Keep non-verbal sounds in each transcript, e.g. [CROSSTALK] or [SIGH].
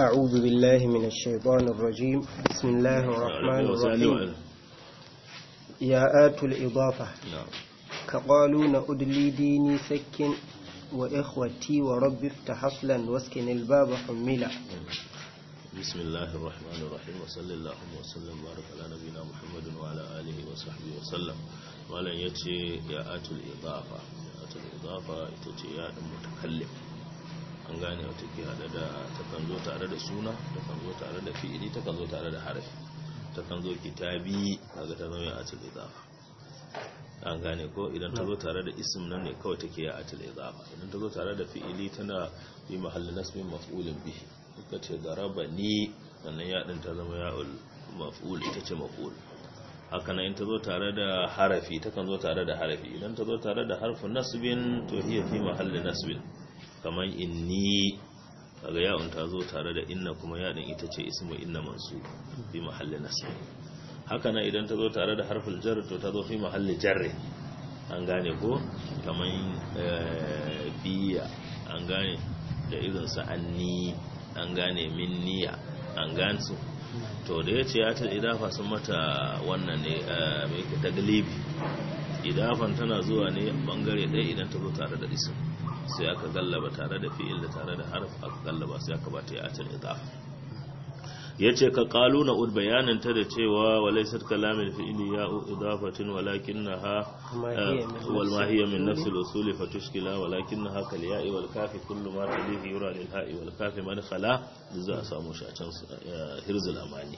أعوذ بالله من الشيطان الرجيم بسم الله الرحمن الرحيم يا آت الإضافة كقالون أدلي ديني سكن وإخوتي ورب افتح حصلا واسكن الباب حملا بسم الله الرحمن الرحيم وصلى اللهم وسلم وبارك على نبينا محمد وعلى آله وصحبه وسلم ولن يتي يا آت الإضافة يا آت الإضافة يتي يا المتكلم an gane wata ke hada da takan zo tare da suna takan zo tare da fi'ili takan zo tare da harafi takan zo kitabi kaga ta zama a cikin idafa an gane ko idan ta zo tare da isim nan ne kawai take ya atil idafa idan ta zo tare da fi'ili tana bi mahallin nasbin maf'ulin bihi kuka ce garaba ni wannan yadin ta zama ya'ul maf'ul ita ce maf'ul haka nan ta zo tare da harafi takan zo tare da harafi idan ta zo tare da harfin nasbin to hiya fi mahallin nasbin kamar inni daga yawon ta zo tare da inna kuma yadin ita ce ismu inna mansu fi mahalli nasb haka na idan ta zo tare da harfin jar to ta zo fi mahalli jarre. an gane ko kamar biya eh, an gane da irin sa anni an gane minniya an gane su to da ya ce ya ta idafa sun mata wannan ne eh, mai galibi idafan tana zuwa ne bangare ɗaya idan ta zo tare da isim sai aka gallaba tare da fi'il da tare da harf aka gallaba sai aka bata ya atal ya yace ka kalu na ud bayanin ta da cewa walaysat kalamil fi’ili ya idafatin walakinnaha wal mahiya min nafs al usul fa tushkila walakinnaha kal ya wal kafi kullu ma tadihi yura lil ha wal kafi man khala za a samu shi a can hirzul amani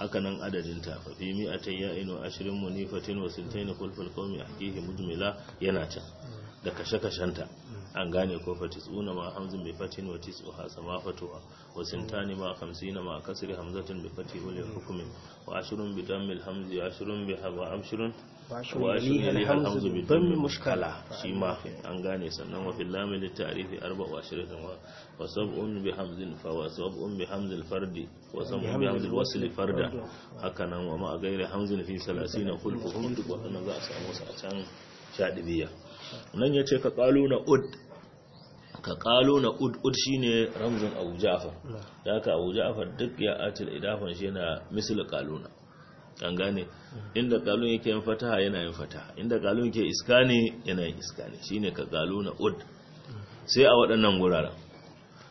hakanan adadin ta fa mi mi'atin ya'in wa ashrin munifatin wa sintain kulful qawmi ahkihi mujmila yana can da kashe-kashenta an gane ko fatisuna ma hamzin bi fatin wa ha sama fatuwa wa sintani ma khamsina ma kasri hamzatin bi fati li hukmi wa ashrun bi dammil hamzi ashrun bi hawa amshrun wa ashrun li hamzi bi dammi mushkala shi ma an gane sannan wa fil lamil ta'rifi arba wa ashrin wa sab'un bi hamzin fa wa sab'un bi hamzil fardi wa sab'un bi hamzil wasli farda haka nan wa ma ghairi hamzin fi 30 kulfuhum duk wannan za a samu sa a can shadibiya nan ya ce ka ƙalo na ud ka na ud ud shi ne ramzin abu ja'afar da aka abu ja'afar duk ya atil idafan shi na misali ƙaluna kan gane mm. inda ƙalun yake yin fataha yana yin fataha inda ƙalun yake iska ne yana yin iska ne shi ne ka ƙalo na ud mm. sai a waɗannan wuraren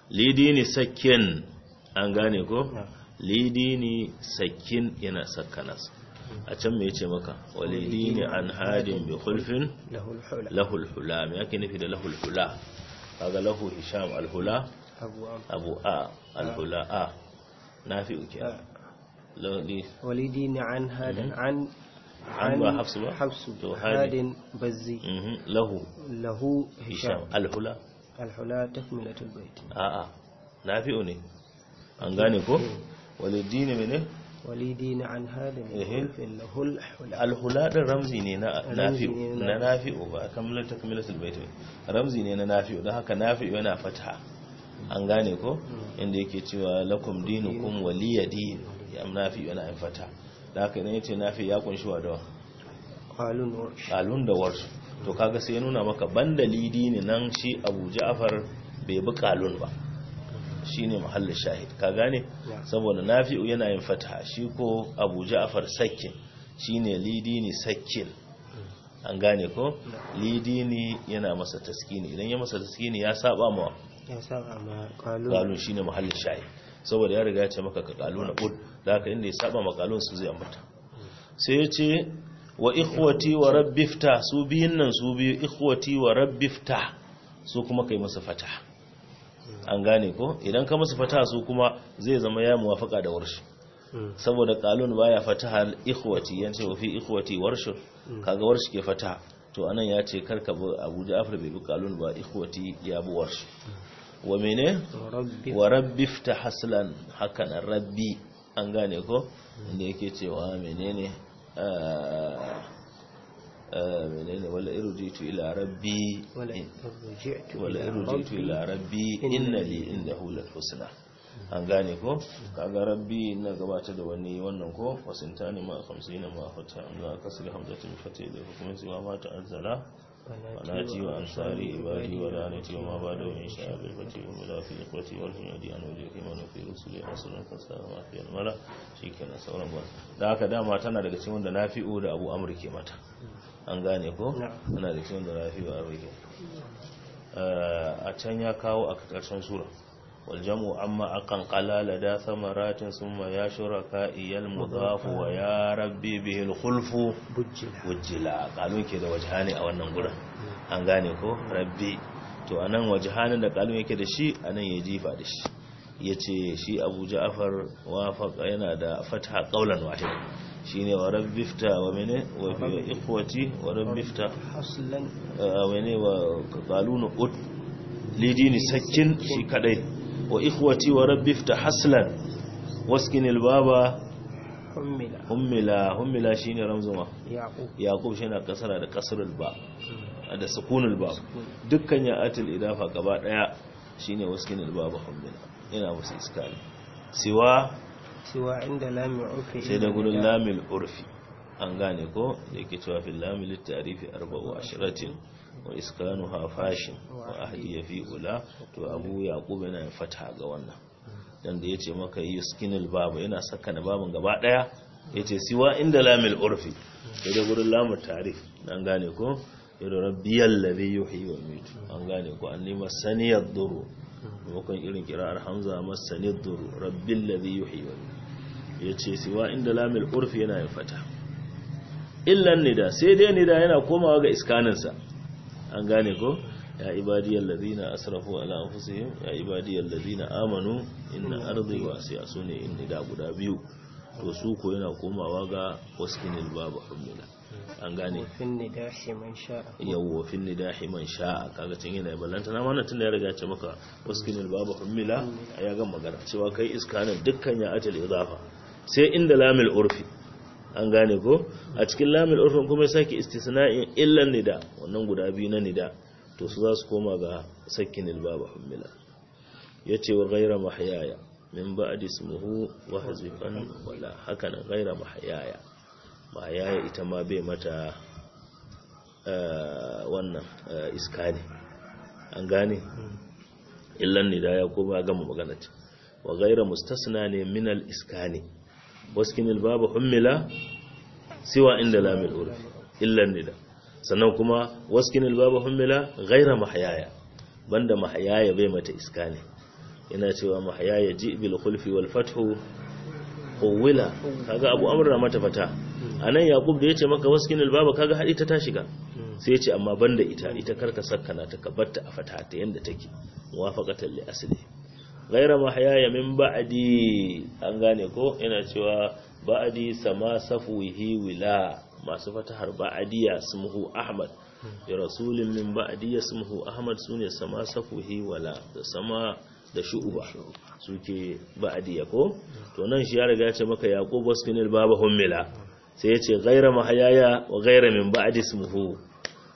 lidini sakin an gane ko lidini sakin yana sakkanasa a can mai ce maka walidini an hadin bi khulfin lahul hula me yake nufi da lahul hula kaga lahu hisham alhula abu a alhula a na fi uke walidini an hadin mhm. an an ba hafsu ba hafsu to hadin bazzi mhm. lahu lahu hisham alhula alhula takmilatul bait a a fi ne an gane ko eh. walidini mene walidina an hada min alhuladin ramzi ne na nafi'u na nafi'u ba kamar takmilatul bait ramzi ne na nafi'u don haka nafi'u yana fata an gane ko hmm. inda yake cewa lakum dinukum waliya din ya nafi'u yana in fataha da haka idan yace nafi ya kunshi wa da qalun da warsh to kaga sai ya nuna maka bandalidi ne nan shi Abu Ja'far bai bi qalun ba shine mahallin shahid ka gane saboda nafi'u yana yin fataha shi ko abu ja'far sakin shine lidini Sakin, hmm. an gane ko lidini yana masa taskini idan ya masa taskini ya saba ma ya saba ma qalun shine mahallin shahid saboda ya riga ya ce maka ka qalun ud da haka inda ya saba ma qalun su zai ambata hmm. sai ya ce wa ikhwati wa rabbifta su biyin nan su biyu ikhwati wa rabbifta su kuma kai masa fataha an gane ko idan ka musu fataha su kuma zai zama ya muwafaka da warshi hmm. saboda kalun baya fataha al-ikhwati yace fi ikhwati warshi hmm. kaga warshi ke fataha to anan ya ce karka bu Abu Ja'far bai bi kalun ba ikhwati ya bu warshi hmm. wa mene wa rabbi iftah haslan hakan rabbi an gane ko inda yake cewa menene ah, Eh, menene wala irjitu ila rabbi wala irjitu ila rabbi innali innahu lal husna an gane ko kaga rabbi na gabata da wani wannan ko wasintani ma 50 ma fata amma da hamzatin fati da hukumin cewa ma ta'azzala وناتي وأنصاري عبادي ولعنتي وما wa وإن fi بالفتي wa في الإخوة an أن وجهك na fi rusuli رسول ka ما في الملا شيء كان sauran ba da haka dama tana daga cikin da nafi'u da abu amurke mata an gane ko ana da kyan da rafi a abu a can ya kawo a ƙarshen sura waljamu amma a kankala da da samaratin sun ma ya shura ka iyal mudafu wa ya rabbi bihin hulfu bujjila a kalun ke da wajhani a wannan gudan an gane ko rabbi to a nan wajhani da kalun yake da shi a nan ya jifa da shi ya ce shi abu ja'afar wafa yana da fata kaulan wahid shine wa rabbifta wa mene wa fi ikhwati wa rabbifta haslan eh, wa ne wa qaluna ut lidini sakin shi kadai wa ikhwati wa rabbifta haslan waskin albaba hummila hummila hummila shine ramzuma yaqub yaqub shine kasara da kasrul ba hmm. da sukunul ba dukkan ya atil idafa gaba daya shine waskin albaba hummila ina musu iskali siwa cewa inda lamin urfi sai da gurin lamin urfi an gane ko da yake cewa fil lamin tarifi arba'u ashratin wa iskanu fashin. wa ahli ya fi ula to abu ya yaqub yana fata ga wannan dan da yace maka yi yuskinul babu yana saka na babun gaba daya yace siwa inda lamil urfi sai da gurin lamu tarif an gane ko ya rabbiyal ladhi yuhyi wa yumiitu an gane ko annima saniyad duru maimakon irin kira'ar hamza masani duru rabbin ladhi yuhi ya ce siwa inda lamil urfi yana yin fata illan nida sai dai nida yana komawa ga iskaninsa an gane ko ya ibadiyar zina asrafu ala anfusihim ya ibadiyar zina amanu inna sai a sune in nida guda biyu to su ko yana komawa ga waskinil babu hamdulillah an gane yawofin ni nidahi man sha'a kaga cin yana ballanta na mana tunda ya riga ce maka waskinil babu hummila ya ga magana cewa kai iskanin dukkan ya idafa sai inda lamil urfi an gane ko a cikin lamil urfin kuma ya saki istisna'in illan nida wannan guda biyu na nida to su za su koma ga sakinil babu ya ce wa gaira mahayaya min ba'di ismihi wa hazifan wala hakanan raira mahayaya ma yaya ita ma bai mata eh, wannan eh, iska ne an gane mm. illan ne da ya koma gama magana ce wa gaira mustasna ne minal iska ne waskinil babu hummila siwa inda lamil urfi illan ne da sannan kuma waskinil babu hummila gaira mahayaya banda mahayaya bai mata iska ne ina cewa mahayaya ji bil khulfi wal fathu qawwila kaga abu amurra mata fata anan yaƙub da ya ce maka waskinil babu kaga haɗi ta ta ga sai ce amma banda ita ita karka sakkana ta a fata ta yanda take muwafaqatan li asli ghaira ya min ba'adi an gane ko yana cewa ba'adi sama yi wila masu fatahar ya sumuhu ahmad ya rasulun min ya sumuhu ahmad sune sama yi wala da sama da shu'uba suke ya ko to nan shi ya riga ce maka yaƙo baskinil babu hummila sai ya ce gaira mahayaya wa gaira min ba'adis muhu?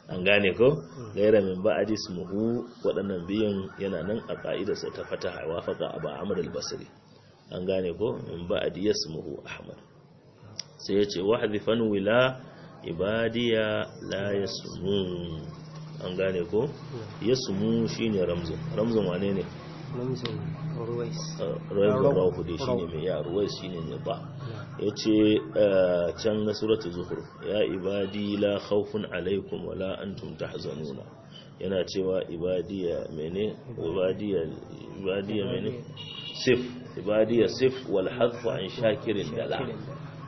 an gane ko gaira min ba'adis muhu waɗannan biyun yana nan a sai ta fata haiwa faqa a ba'amur al-basri an gane ko min ba'adi muhu ahmad sai ya ce wahdifan wila ibadiya la sumu. an gane ko shi shine ramzun ramzun wane ne namijin ruwais uh, ruwais da shi ne mai ya ruwais shi ne mai ba ya ce uh, can na suratu zuhur ya ibadi la khawfun alaikum wa la antum tahzanuna yana cewa ibadiya mene ibadiya ibadiya mene sif ibadiya sif wal hadfu an shakirin dala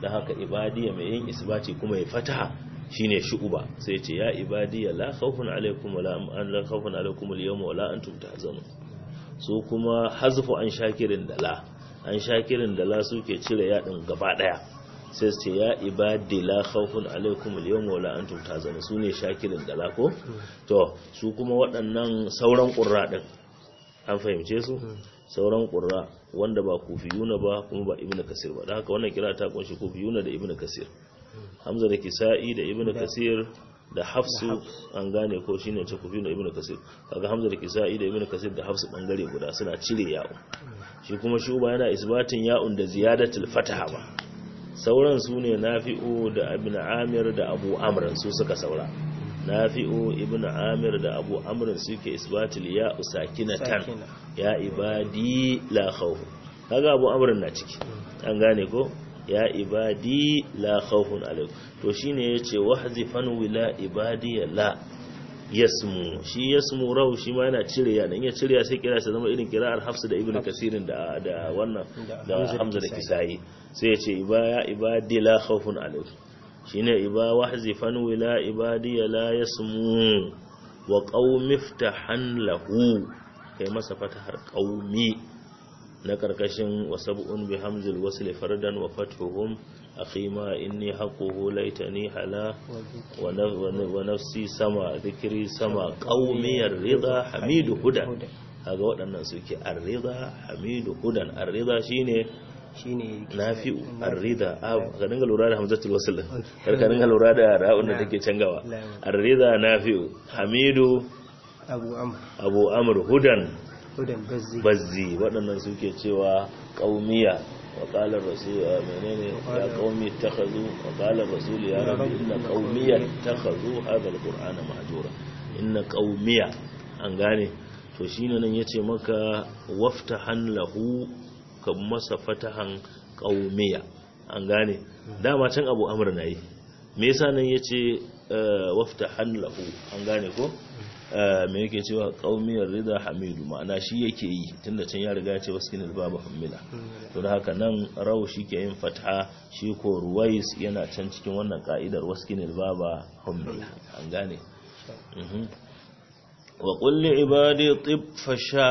da haka ibadiya mai yin isbati kuma ya fataha shine shu'uba sai ce ya ibadiya la khawfun alaikum wa la khawfun alaikum al antum tahzanun su kuma hazufu an shakirin dala an shakirin dala suke cire yadin gaba daya sai su ce ya ibadi la khawfun alaikum al wa la antum tazanu sune shakirin dala ko to su kuma waɗannan sauran qurra din an fahimce su sauran qurra wanda ba kufiyuna ba kuma ba ibnu kasir ba da haka wannan kira ta kunshi kufiyuna da ibnu kasir hamza da kisa'i da ibnu kasir da hafsu an gane ko shine ce kufi na ibnu kasir kaga hamza da kisa'i da ibnu kasir da hafsu bangare guda suna cire ya'un shi kuma shuba yana isbatin ya'un da ziyadatul fataha ba sauran su ne nafi'u da ibn amir da abu amr su suka saura nafi'u ibn amir da abu amr suke isbatul ya'u sakinatan ya ibadi la khawf kaga abu amr na ciki an gane ko ya ibadi la khawfun alaikum to shine yace wahzifan wila ibadi la yasmu shi yasmu rahu shi ma yana cire ya dan ya cire ya sai kira sa zama irin kira'ar Hafsa da ibnu Kasirin da da wannan da Hamza da Kisai sai yace ibaya ibadi la khawfun alaikum shine iba wahzifan wila ibadi la yasmu wa qaumiftahan lahu kai masa fatahar qaumi na karkashin wasab'un bi hamzil wasli fardan wa fathuhum akhi inni haquhu laitani hala wa nafsi sama dhikri sama qaumi ar-ridha hamidu huda kaga waɗannan suke ar-ridha hamidu hudan ar-ridha shine shine nafi ar-ridha ah, ka dinga lura da hamzatul wasl kar ka dinga lura da ra'un da take cangawa ar-ridha nafi hamidu abu amr abu amr hudan bazzi waɗannan suke cewa ƙaumiya وقال الرسول منين يا قوم اتخذوا وقال الرسول يا رب إن قومي اتخذوا هذا القرآن مهجورا إن ƙaumiya an gane to shine nan yace maka waftahan lahu ka masa fatahan ƙaumiya an gane dama can Abu na yi me yasa nan yace eh, waftahan lahu an gane ko Eh, me yake cewa kaumiyar rida hamidu ma'ana shi yake yi tunda can ya riga ce wasu waskinil babu hamila to da haka nan raw shi ke yin fata shi ko ruwais yana can cikin wannan ka'idar wasu waskinil babu hamila an gane mhm. wa qul li ibadi tib fasha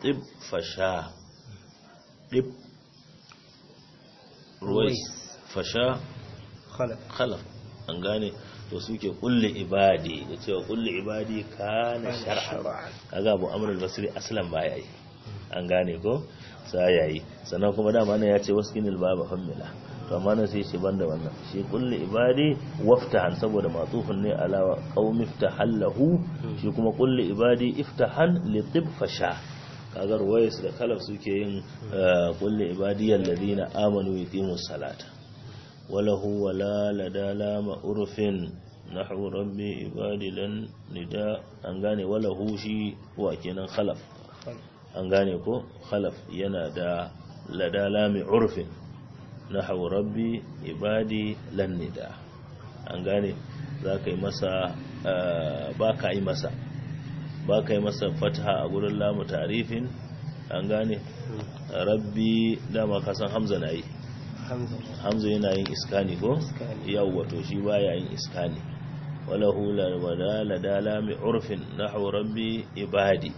tib fasha tib ruwais fasha khalaf an gane to suke kulli ibadi da cewa kulli ibadi ka na shar'a kaga abu amr basri aslan ba yayi an gane ko sa yayi sannan kuma dama ne ya ce wasu ba baba hamila to amma nan sai shi banda wannan shi kulli ibadi waftahan saboda matufun ne ala qaumi iftahallahu hmm. shi kuma kulli ibadi iftahan li tibfasha kaga ruwayis da kalaf suke yin hmm. eh, kulli ibadiyal ladina amanu yuqimus salata وله ولا لدى لام عرف نحو ربي عبادي لن نداء an gane wala hushi wa kenan khalaf an ko khalaf yana da lada lami urfin nahwu rabbi ibadi lan nida an gane zaka yi masa baka yi masa baka yi masa fatha a gurin lamu tarifin rabbi dama ka san hamza na yi hamza yana yin iskani ko yau wato shi ya yin iskani walahu wala ladala mi urfin nahwu rabbi ibadi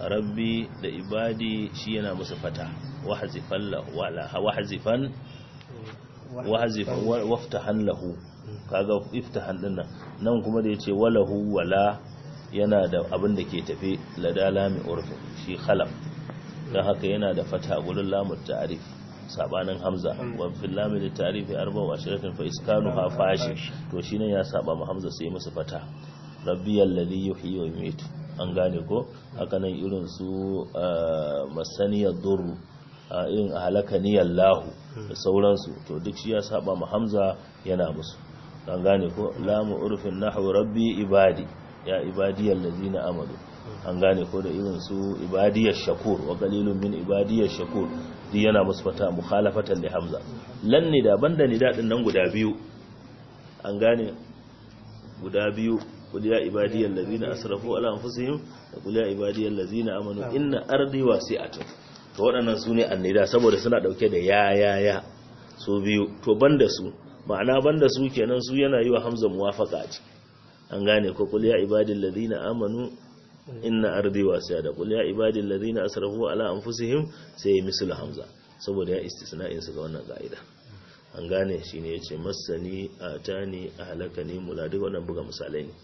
rabbi da ibadi shi yana musu fata wahazifan wala waftahan lahu kaga iftahan dinnan nan kuma da yace wala yana da abin da ke tafi ladala mi urfin shi khalaf dan haka yana da fata gurin lamu ta'rif sabanin hamza hmm. wa fil da tarifi arba wa shirafin fa ha hmm. fashi hmm. to shi ne ya saba ma hamza sai musu fata rabbiyal ladhi yuhyi wa yumiitu an gane ko haka nan irin su ah, masaniyar duru ah, irin halakaniyar lahu da sauransu to duk shi ya saba ma hamza yana musu an gane ko lamu urfin nahu rabbi ibadi ya ibadiyar na amadu an gane ko da irin su ibadiyar shakur wa kalilun min ibadiyar shakur din yana musfata mukhalafatan li hamza lan nida banda nida din nan guda biyu an gane guda biyu qul ya ibadiyal ladina asrafu ala anfusihim qul ya ibadiyal ladina amanu inna ardi wasi'atun to waɗannan su ne annida saboda suna dauke da ya ya ya su biyu to banda su ma'ana banda su kenan su yana yi wa hamza muwafaqa a an gane ko qul ya ibadiyal ladina amanu inna ardi wasi'a da qul ya ibadil ladina asrafu ala anfusihim sai mislu hamza saboda ya in su ga wannan ka'ida an gane shine yace masani atani ahlakani muladi wannan buga misalai ne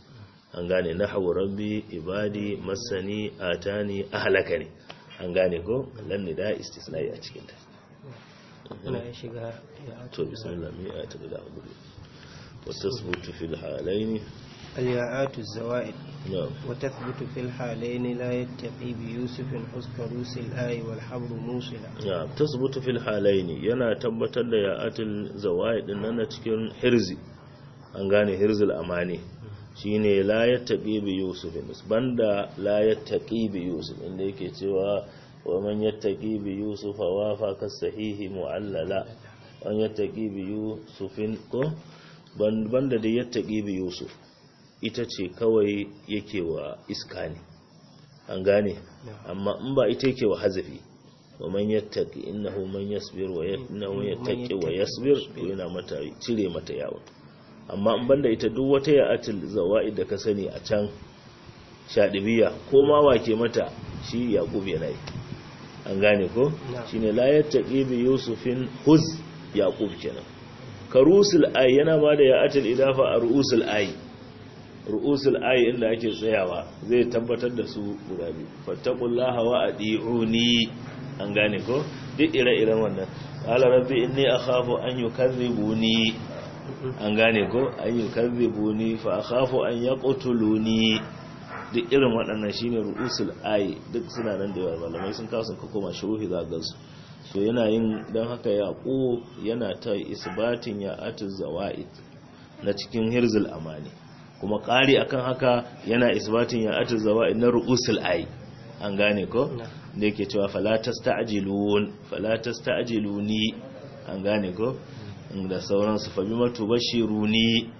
an gane nahwu rabbi ibadi masani atani ahlakani an gane ko lan da istisna a cikin ta shiga to bismillah mi a tabbata abu wa tasbutu fil halaini الياءات الزوائد وتثبت في الحالين لا يتقي بيوسف روس الآي والحبر موصلة نعم تثبت في الحالين ينا تبت الياءات الزوائد أننا تكون حرزي أنغاني gane الأماني shine la ya yattaqi bi yusuf banda la ya yattaqi bi yusuf inda yake cewa wa man yattaqi bi yusuf wa fa sahihi muallala ya yattaqi bi yusufin ko banda da ya yattaqi bi yusuf ita ce kawai yake wa iska ne an gane amma in ba ita yake wa hazafi wa man yattaqi innahu man yasbir wa innahu yattaqi wa yasbir to yana mata cire mata yawon. amma in banda ita duk wata ya'atil zawaid da ka sani a can shadibiya ko ma wake mata shi yaqub yana yi an gane ko shine la yattaqi bi yusufin huz yaqub kenan karusul ay yana ma da ya'atil idafa a ru'usul ay ru'usul ayi inda ake tsayawa zai tabbatar da su guda biyu fattaqullaha wa adi'uni an gane ko duk ire-iren wannan ala rabbi inni akhafu an yukazzibuni an gane ko an yukazzibuni fa akhafu an yaqtuluni duk irin waɗannan shine ru'usul ayi duk suna nan da yawa malamai sun kawo sun koma shuruhi za ga su so yana yin don haka yaqub yana ta isbatin ya atuz zawaid na cikin hirzul amani kuma ƙari akan haka yana isbatin ya atul zawa na ru'usul ai. an gane ko da yake cewa fala tasta'jilun fala tasta'jiluni an gane ko hmm. da sauransu fa shi runi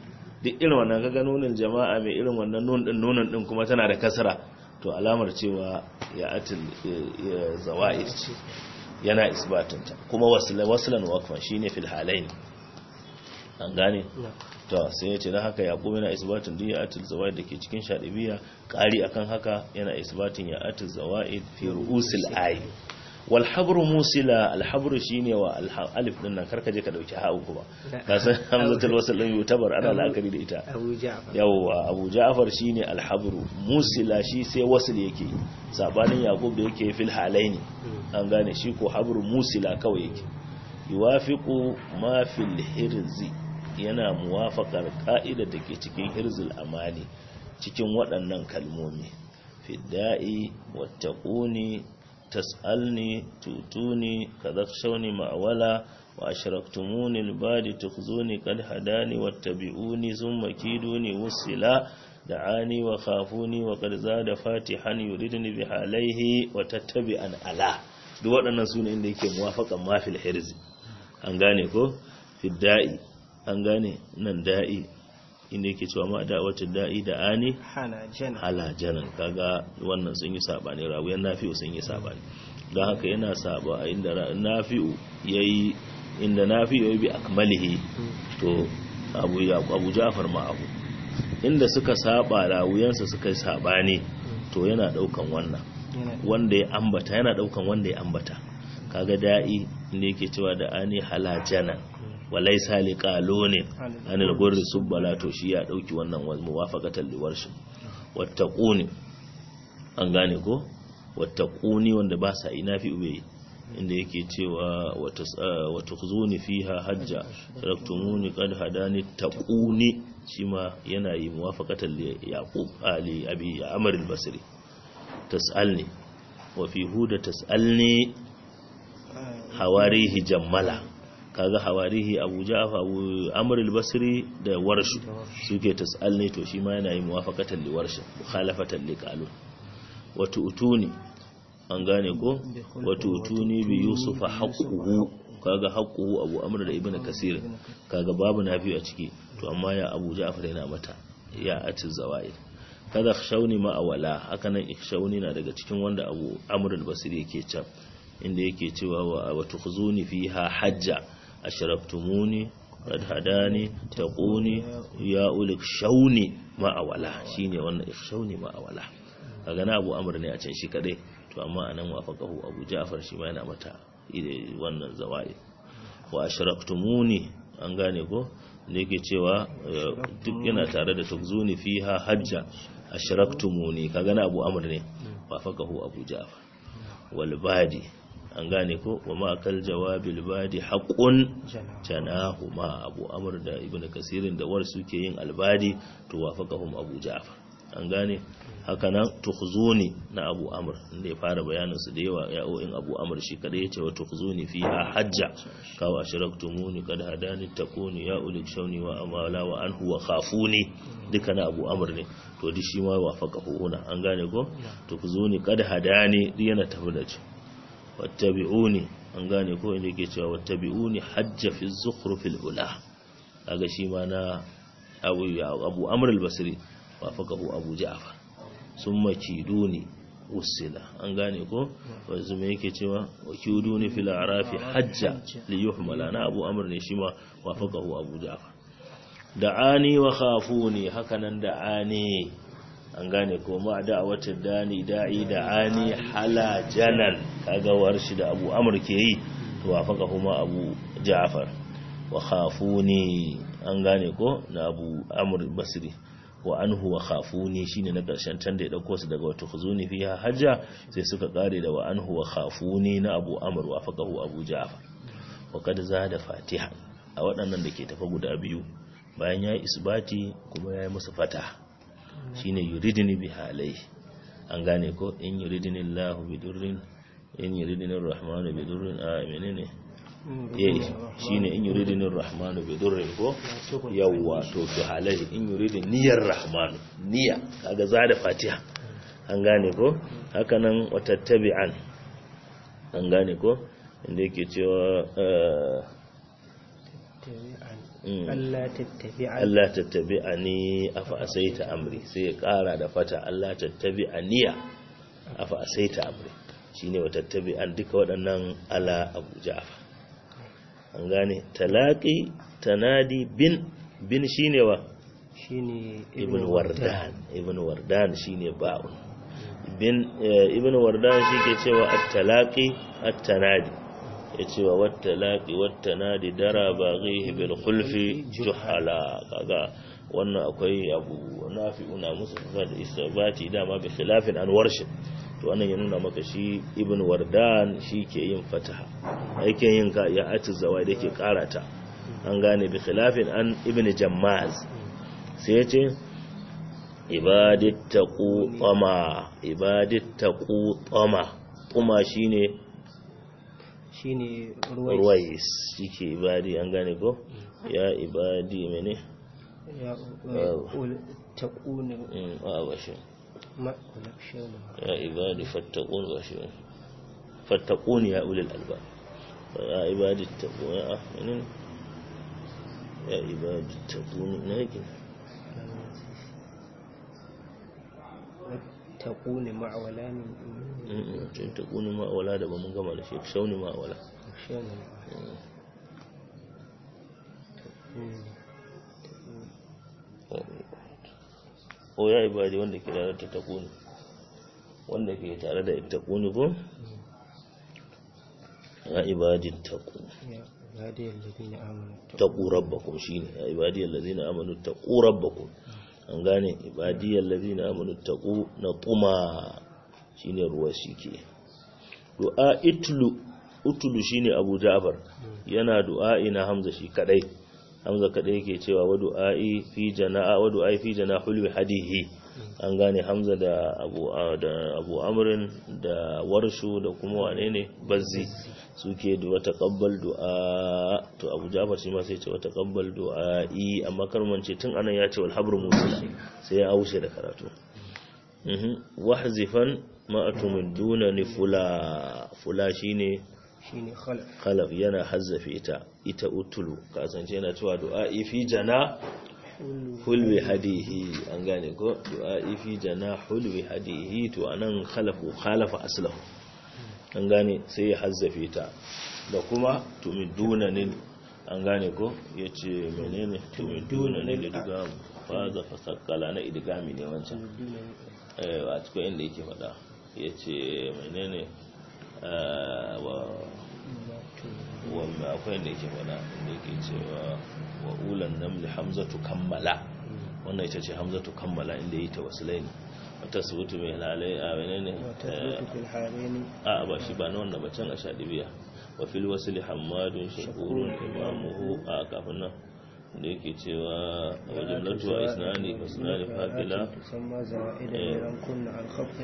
duk irin wannan ga nunin jama'a mai irin wannan nun nunin din kuma tana da kasara to alamar cewa ya atul zawa'id ce yana isbatinta kuma wasu waslan waqfan shine fil halain an gane ta sai ya ce na haka yaƙo yana isbatin duk ya'atul zawaid ke cikin shaɗibiya ƙari akan haka yana isbatin ya ya'atul zawaid fi ru'usil ayi wal musila al shine wa alif din nan karka je ka ɗauki ha uku ba ka san [LAUGHS] hamzatul wasl din yutabar ana la'akari da ita abu ja'far yawa abu ja'far shine al musila shi sai wasl yake sabanin yaqub da yake fil ne mm. an gane shi ko habru musila kawai yake yuwafiqu ma fil hirzi yana muwafakar ka'ida da ke cikin hirzul amani cikin waɗannan kalmomi fidda'i wattaquni tas'alni tutuni kadakshawni ma'wala wa ashraktumuni albadi tukhzuni qad hadani wattabi'uni thumma kiduni wasila da'ani wa khafuni wa qad zada fatihan yuridni bi halayhi wa an ala duk waɗannan sunan inda yake muwafakan mafil hirzi an gane ko fidda'i an gane nan da'i inda yake cewa ma da wacce da'i da ani halajanan kaga wannan sun yi sabani rawiyan nafi'u sun yi sabani don haka yana saba a inda nafi'u yayi inda nafi'u yayi bi akmalihi to abu ya abu jafar ma abu inda suka saba rawuyansa suka yi sabani to yana daukan wannan wanda ya ambata yana daukan wanda ya ambata kaga da'i inda yake cewa da ani halajanan walai sali ne an algurri subbala to shi ya dauki wannan muwafaqatan liwarshi wattaquni an gane ko wattaquni wanda ba sa fi ubayi inda yake cewa wata zuni fiha hajja raktumuni qad hadani taquni shi ma yana yi muwafaqatan li yaqub ali abi amr al-basri tas'alni wa fi huda tas'alni hawarihi jammala kaga hawarihi abu ja'afa abu amr al-basri da warsh suke tas'alni to shi ma yana yi muwafaqatan li warsh mukhalafatan li qalun wa tu'tuni an gane ko wa tu'tuni bi yusuf haqquhu kaga haqquhu abu amr da ibnu kasir kaga babu nafi a ciki to amma ya abu ja'afa da yana mata ya atiz zawaid kada khshawni ma awala haka nan ikhshawni na daga cikin wanda abu amr al-basri yake can inda yake cewa wa tukhzuni fiha hajja ashraftumuni qad hadani taquni ya ulik shauni ma awala shine wannan shauni ma awala kaga na Abu Amr ne a can shi kadai to amma anan wafaqahu Abu Ja'far shi ma yana mata wannan zawai wa ashraftumuni an gane ko ne yake cewa duk yana tare da tukzuni fiha hajja ashraftumuni kaga na Abu Amr ne wafaqahu Abu Ja'far wal badi an gane ko wa ma akal jawabil badi haqqun janahu abu amr da ibn kasirin da war suke yin albadi to wafaqahum abu ja'far an gane haka nan tukhzuni na abu amr inda ya fara bayanin su da yawa ya'o'in abu amr shi kada ya ce wa tukhzuni fiha hajja ka wa shiraktumuni kad hadani takuni ya ulik shauni wa amala wa anhu wa khafuni duka na abu amr ne to duk shi ma wafaqahu huna an gane ko tukhzuni kad hadani ya yana tafi da shi wattabi'uni an gane ko inda yake cewa wattabi'uni hajja fi zukhrufil ula kaga shi ma na abu abu amr al-basri wa faqahu abu ja'far summa kiduni usila an gane ko wanzu me yake cewa wakiduni fil arafi hajja li yuhmala na abu amr ne shi ma wa faqahu abu ja'far da'ani wa khafuni hakanan da'ani an gane ko ma da wata dani da'i da ani hala janan kaga war shi da abu amur ke yi to faka kuma abu ja'far wa khafuni an gane ko na abu amur basri wa anhu wa khafuni shine na karshen can da ya dauko su daga wata khuzuni fiha hajja sai suka kare da wa anhu wa khafuni na abu amur wa faka abu ja'far wa kad zada fatiha a waɗannan da ke tafa guda biyu bayan ya yi isbati kuma ya yi musu fata shine yuridini biha alayhi an gane ko in yuridini Allahu bidurrin in yuridini Ar-Rahmanu bidurrin a menene eh shine in yuridini Ar-Rahmanu bidurrin ko yawa to bi alayhi in yuridini niyyar Rahmanu niyya kaga za da Fatiha an gane ko haka nan watattabi'an an gane ko inda yake cewa eh, Mm. Allah a ni afa asaita amri sai ya kara da fata Allah a niya afa asaita amri shine wa an duka waɗannan ala Abu Ja'far an gane talaqi tanadi bin bin shine wa shine ibn wardan ibn wardan shine ba'un bin eh, ibn wardan shike cewa at-talaqi at-tanadi ya ce wa wata laƙi wata nadi dara ba zai bil kulfi juhala kaga wannan akwai abu fi una musu da ci dama bi khilafin an warshe to wannan ya nuna maka shi ibn wardan shi ke yin fataha aikin yin ka ya ati zawai da ke karata an gane bi khilafin an ibn jammaz sai ya ce ibadit taqu tama ibadit taqu tama tuma shine shine ruwais yake ibadi an gane ko mm. ya ibadi mene ya eh, mm, ibadi fattakun ya ulil alba ya ibadi takuni a ah, menin ya ibadi takuni na yake تكون معولا من تكون معولا ده mun gama da shi shauni ma'awala o ibadi wanda ke tare da takuni wanda ke tare da takuni ko ya ibadi takuni taqu rabbakum shine ya ibadi allazina amanu taqu rabbakum an gane ibadiyar lazina amanu taƙo na kuma shi ne ruwa shi ke du'a itulu utulu shi ne abu ja'afar yana du'a ina hamza shi kadai hamza kadai ke cewa wa du'a'i fi jana'a jana hulwi hadihi an gane hamza da abu da da warshu da kuma wane ne bazzi suke da wata kabbal du'a to abu jafar shi ma sai ce wata yi a amma karmance tun anan ya ce walhabar Musa musul sai ya aushe da karatu mhm. wahzifan ma'atumin duna ni fula fula shine yana hazzafi ita ita utulu kasance yana cewa du'a fi jana hulwi hadihi an gane ko du'a'i ifi jana hulwi hadihi to anan khalafu khalafa aslahu an gane sai ya hazzafe ta da kuma tumiduna ne an gane ko yace menene tumiduna ne da duga faza fasakala na idgami ne wancan eh wato inda yake faɗa yace menene eh, wa wanda akwai da yake faɗa da yake cewa wa ulan namli hamzatu kammala wannan ita ce hamzatu kammala inda yi ta wasu laini wata subutu mai lalai a wani ne a ba shi ba na wanda bacin a sha ɗibiya wa fil wasili hamadun shakurun imamuhu a kafin nan da yake cewa wajen latuwa isnani isnani fafila tusamma zawa'ida liran eh. kunna al-khaff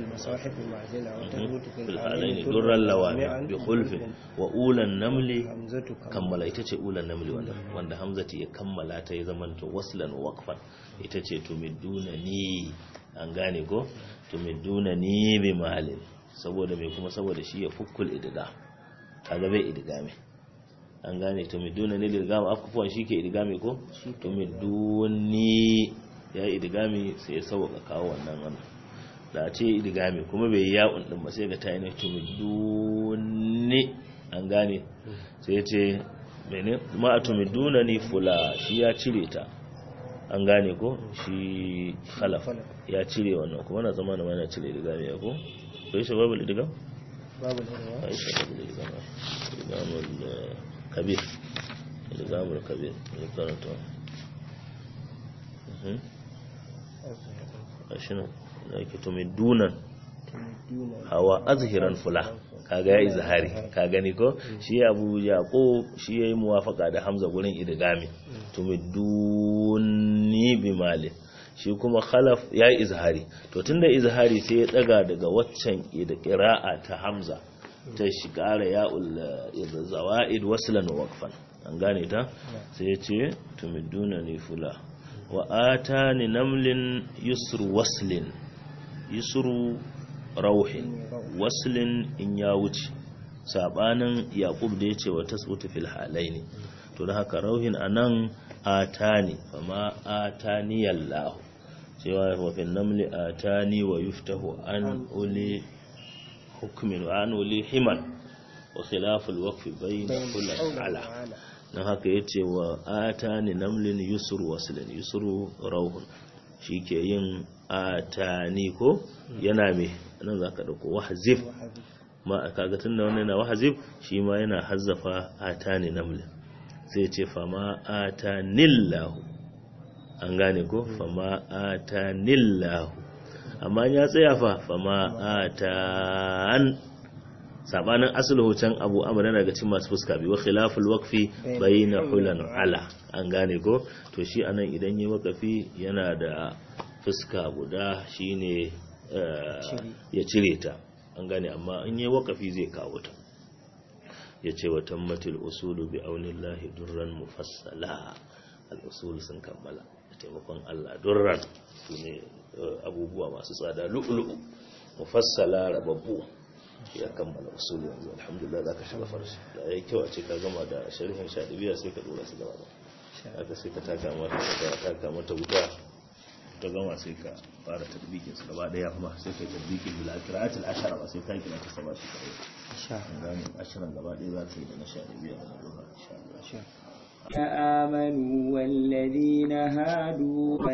al wa mhm. bi wa ulan namli kammala ita ce ulan namli wanda wanda ya kammala ta ya zaman to waslan waqfan ita ce to duna ni an gane ko to duna ni bi malin saboda me kuma saboda shi ya fukkul idda kaga bai idda mai an gane to miduna ne dirgama afuwan shi ke idigami ko to miduni ya idigami sai ya sauka kawo wannan wannan da ce idigami kuma bai ya undin ba sai ga ta yana to miduni an gane sai ce mene ma to miduna ne fula shi ya cire ta an gane ko shi khalaf ya cire wannan kuma na zama na mana cire idigami ya ko ko shi babu idigami babu idigami kabir ilgamul kabir ya karanta mhm. shi nan da ake dunan hawa azhiran fula kaga ya zahari ka gani ko shi abu yaqo shi yayi muwafaka da hamza gurin idgami duni bi mali shi kuma khalaf yayi izhari to tunda izhari sai ya daga daga waccan idqira'a ta hamza ta shi ƙara ya'ul eh, zawa'id waslan wa waqfan an gane ta sai ya ce tumiduna ni fula wa atani namlin yusru waslin yusru rauhin waslin in ya wuce sabanin yaqub da yace wa tasbutu fil halaini to da haka rauhin anan atani fama atani yallahu cewa wa fil namli atani wa yuftahu an uli hukmin wa anu li himan wa khilaful waqfi bayna kulli ala dan haka yace wa atani namlin yusru waslin yusru rauhun shike yin atani ko yana me nan zaka dauko wahzif ma kaga tunda wannan yana wahzif shi ma yana hazzafa atani namlin sai ce fama atanillahu an gane ko fama atanillahu amma ya tsaya fa fama atan sabanin asali hoton abu amana daga cikin masu fuska biyu wakfi eh. bai na hulan ala an gane ko to shi anan idan yi wakafi yana da fuska guda ne eh, ya cire ta an gane amma in yi wakafi zai kawo ta ya ce wa tammatil usulu bi aunillahi durran mufassala fassala, sun kammala a taimakon Allah durran su ne abubuwa masu tsada lu'ulu'u mufassala rababbu ya kammala usul yanzu alhamdulillah zaka shiga farshi da yayi kyau a ce ka gama da sharhin shadibiya sai ka dora su gaba haka sai ka taka mata ka taka mata wuta ta gama sai ka fara tadbikin su gaba daya kuma sai ka tadbikin bil akrat al ashara ba sai ka kira ta saba shi kai insha Allah ashirin gaba daya za ta yi da na shadibiya da Allah insha Allah ya amanu wal ladina hadu